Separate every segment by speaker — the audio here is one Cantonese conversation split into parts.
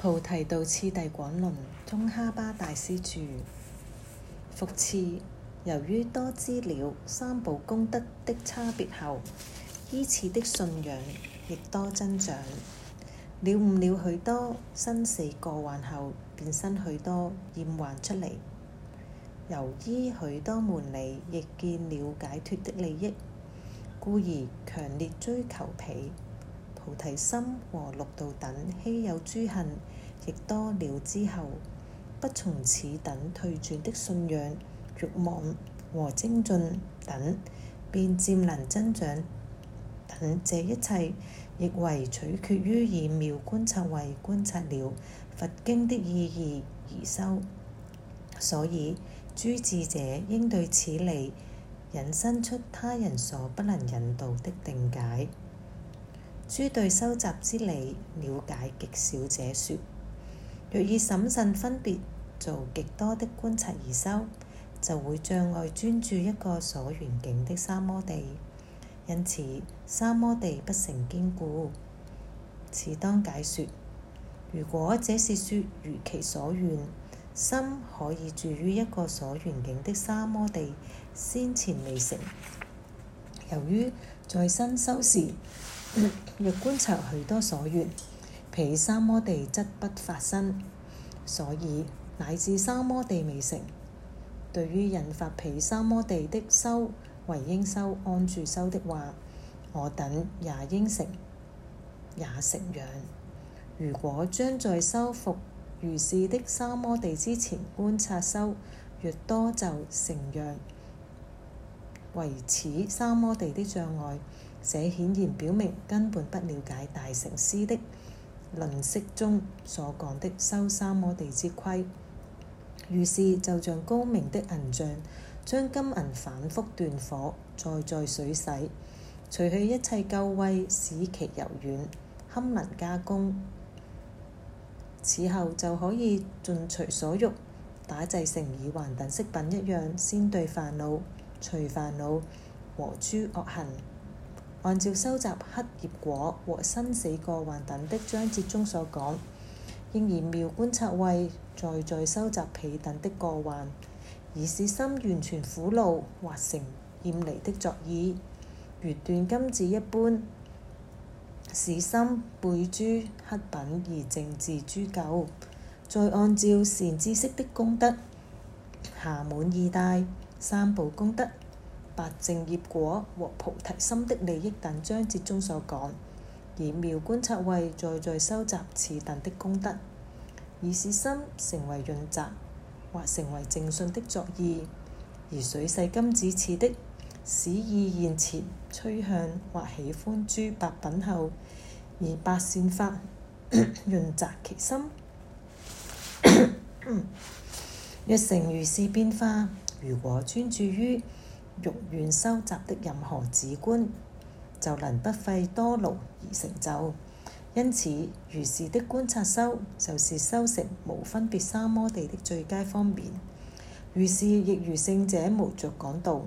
Speaker 1: 菩提道次第廣論，宗喀巴大師著。復次，由於多知了三寶功德的差別後，依次的信仰亦多增長。了悟了許多生死過患後，便生許多厭患出嚟。由於許多門裡亦見了解脫的利益，故而強烈追求彼。菩提心和六道等稀有諸恨，亦多了之後，不從此等退轉的信仰、慾望和精進等，便漸能增長等。這一切亦為取決於以妙觀察為觀察了佛經的意義而修，所以諸智者應對此理引申出他人所不能引導的定解。諸對收集之理，了解極少者說：若以審慎分別做極多的觀察而修，就會障礙專注一個所緣境的三摩地，因此三摩地不成堅固。此當解說：如果這是說如其所願，心可以住於一個所緣境的三摩地，先前未成，由於在新修時。若觀察許多所緣，被三摩地則不發生，所以乃至三摩地未成，對於引發被三摩地的修，為應修安住修的話，我等也應承，也成樣。如果將在修復如是的三摩地之前觀察修越多就成樣，為此三摩地的障礙。這顯然表明根本不了解大乘師的論釋中所講的修三摩地之規。於是就像高明的銀匠，將金銀反覆煅火，再再水洗，除去一切舊味，使其柔軟堪能加工。此後就可以盡隨所欲打製成耳環等飾品一樣，先對煩惱除煩惱和諸惡行。按照收集黑業果和生死過患等的章節中所講，應以妙觀察慧在在收集彼等的過患，以使心完全苦惱或成厭離的作意，如斷金子一般，使心背諸黑品而淨治諸垢。再按照善知識的功德，暇滿義大三寶功德。白淨業果和菩提心的利益，等章節中所講；以妙觀察慧在在收集此等的功德，以使心成為潤澤或成為正信的作意；而水世金子似的，使意現前趨向或喜歡諸白品後，而八善法 潤澤其心， 若成如是變化。如果專注於欲願收集的任何止觀，就能不費多勞而成就。因此，如是的觀察修，就是修成無分別三摩地的最佳方便。如是亦如聖者無着講道，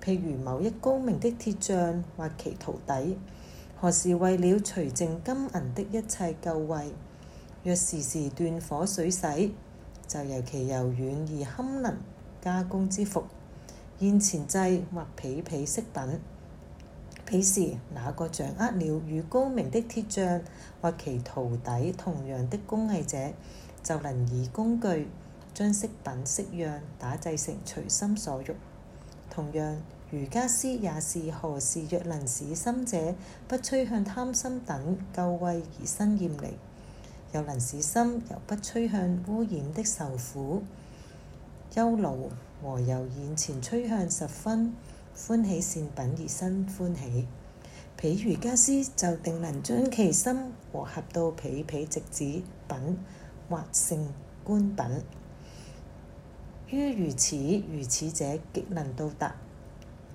Speaker 1: 譬如某一高明的鐵匠或其徒弟，何時為了除淨金銀的一切垢穢，若時時斷火水洗，就尤其柔軟而堪能加工之福。現前制或皮皮飾品，彼時那個掌握了與高明的鐵匠或其徒弟同樣的工藝者，就能以工具將飾品飾樣打製成隨心所欲。同樣，瑜伽師也是何時若能使心者不趨向貪心等救慧而生厭離，又能使心又不趨向污染的受苦憂勞。和由眼前趨向十分歡喜善品而生歡喜，譬如家私，就定能將其心和合到皮皮直子品或性觀品。於如此如此者，極能到達，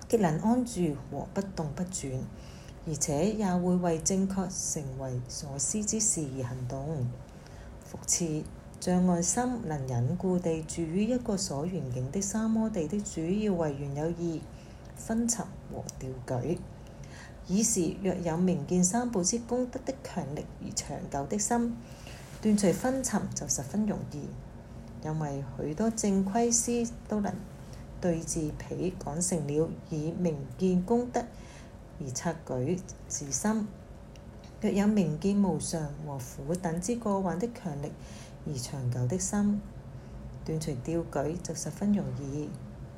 Speaker 1: 極能安住和不動不轉，而且也會為正確成為所思之事而行動，復次。障礙心能穩固地住於一個所緣境的三摩地的主要違緣有二：昏沉和掉舉。以是，若有明見三寶之功德的強力而長久的心，斷除昏沉就十分容易，因為許多正規師都能對治彼，講成了以明見功德而策舉自心。若有明見無常和苦等之過患的強力而長久的心，斷除掉舉，舉就十分容易。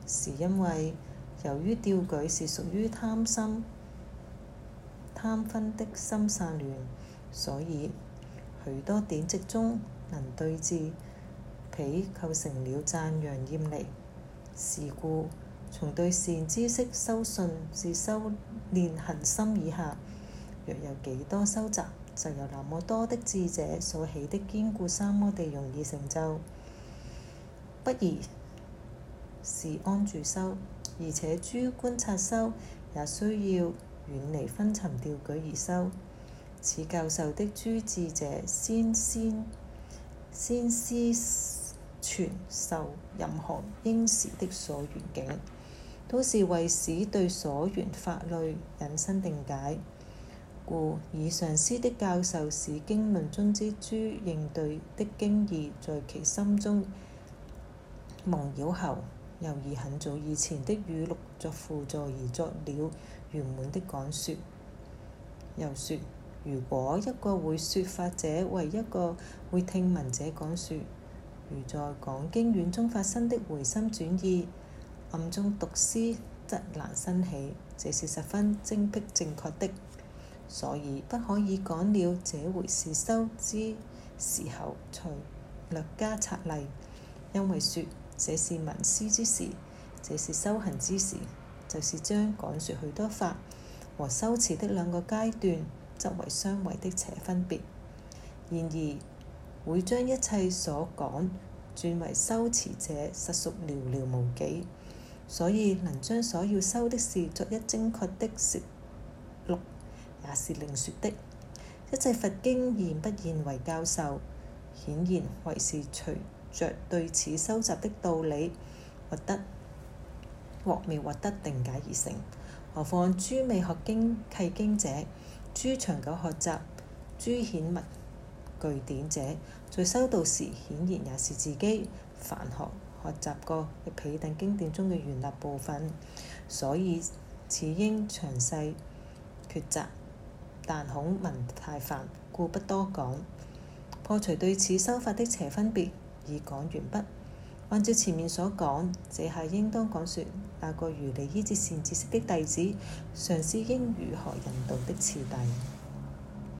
Speaker 1: 是因為由於掉舉是屬於貪心、貪分的心散亂，所以許多典籍中能對治彼構成了讚揚厭離。是故從對善知識修信至修練恒心以下。若有幾多收集，就有那麼多的智者所起的堅固三摩地，容易成就。不宜是安住修，而且諸觀察修也需要遠離昏沉掉舉而修。此教授的諸智者先先先思傳授任何應時的所緣境，都是為使對所緣法類引申定解。故以上師的教授是經文中之珠，應對的經義在其心中蒙繞後，又以很早以前的語錄作輔助而作了圓滿的講述。又說，如果一個會說法者為一個會聽聞者講述，如在講經院中發生的回心轉意，暗中讀詩則難生起，這是十分精闢正確的。所以不可以講了這回事，收之時候才略加策例，因為說這是文思之時，這是修行之時，就是將講說許多法和修持的兩個階段，執為相違的邪分別。然而會將一切所講轉為修持者，實屬寥寥無幾，所以能將所要修的事作一精確的説。也是另説的，一切佛經現不現為教授，顯然為是隨着對此收集的道理獲得獲妙獲得定解而成。何況諸未學經契經者，諸長久學習諸顯密巨典者，在修道時顯然也是自己凡學學習過嘅彼等經典中嘅原立部分，所以此應詳細抉擇。但恐文太繁，故不多講。破除對此修法的邪分別已講完畢。按照前面所講，這下應當講說那個如理依止善知識的弟子，常思應如何引導的次第。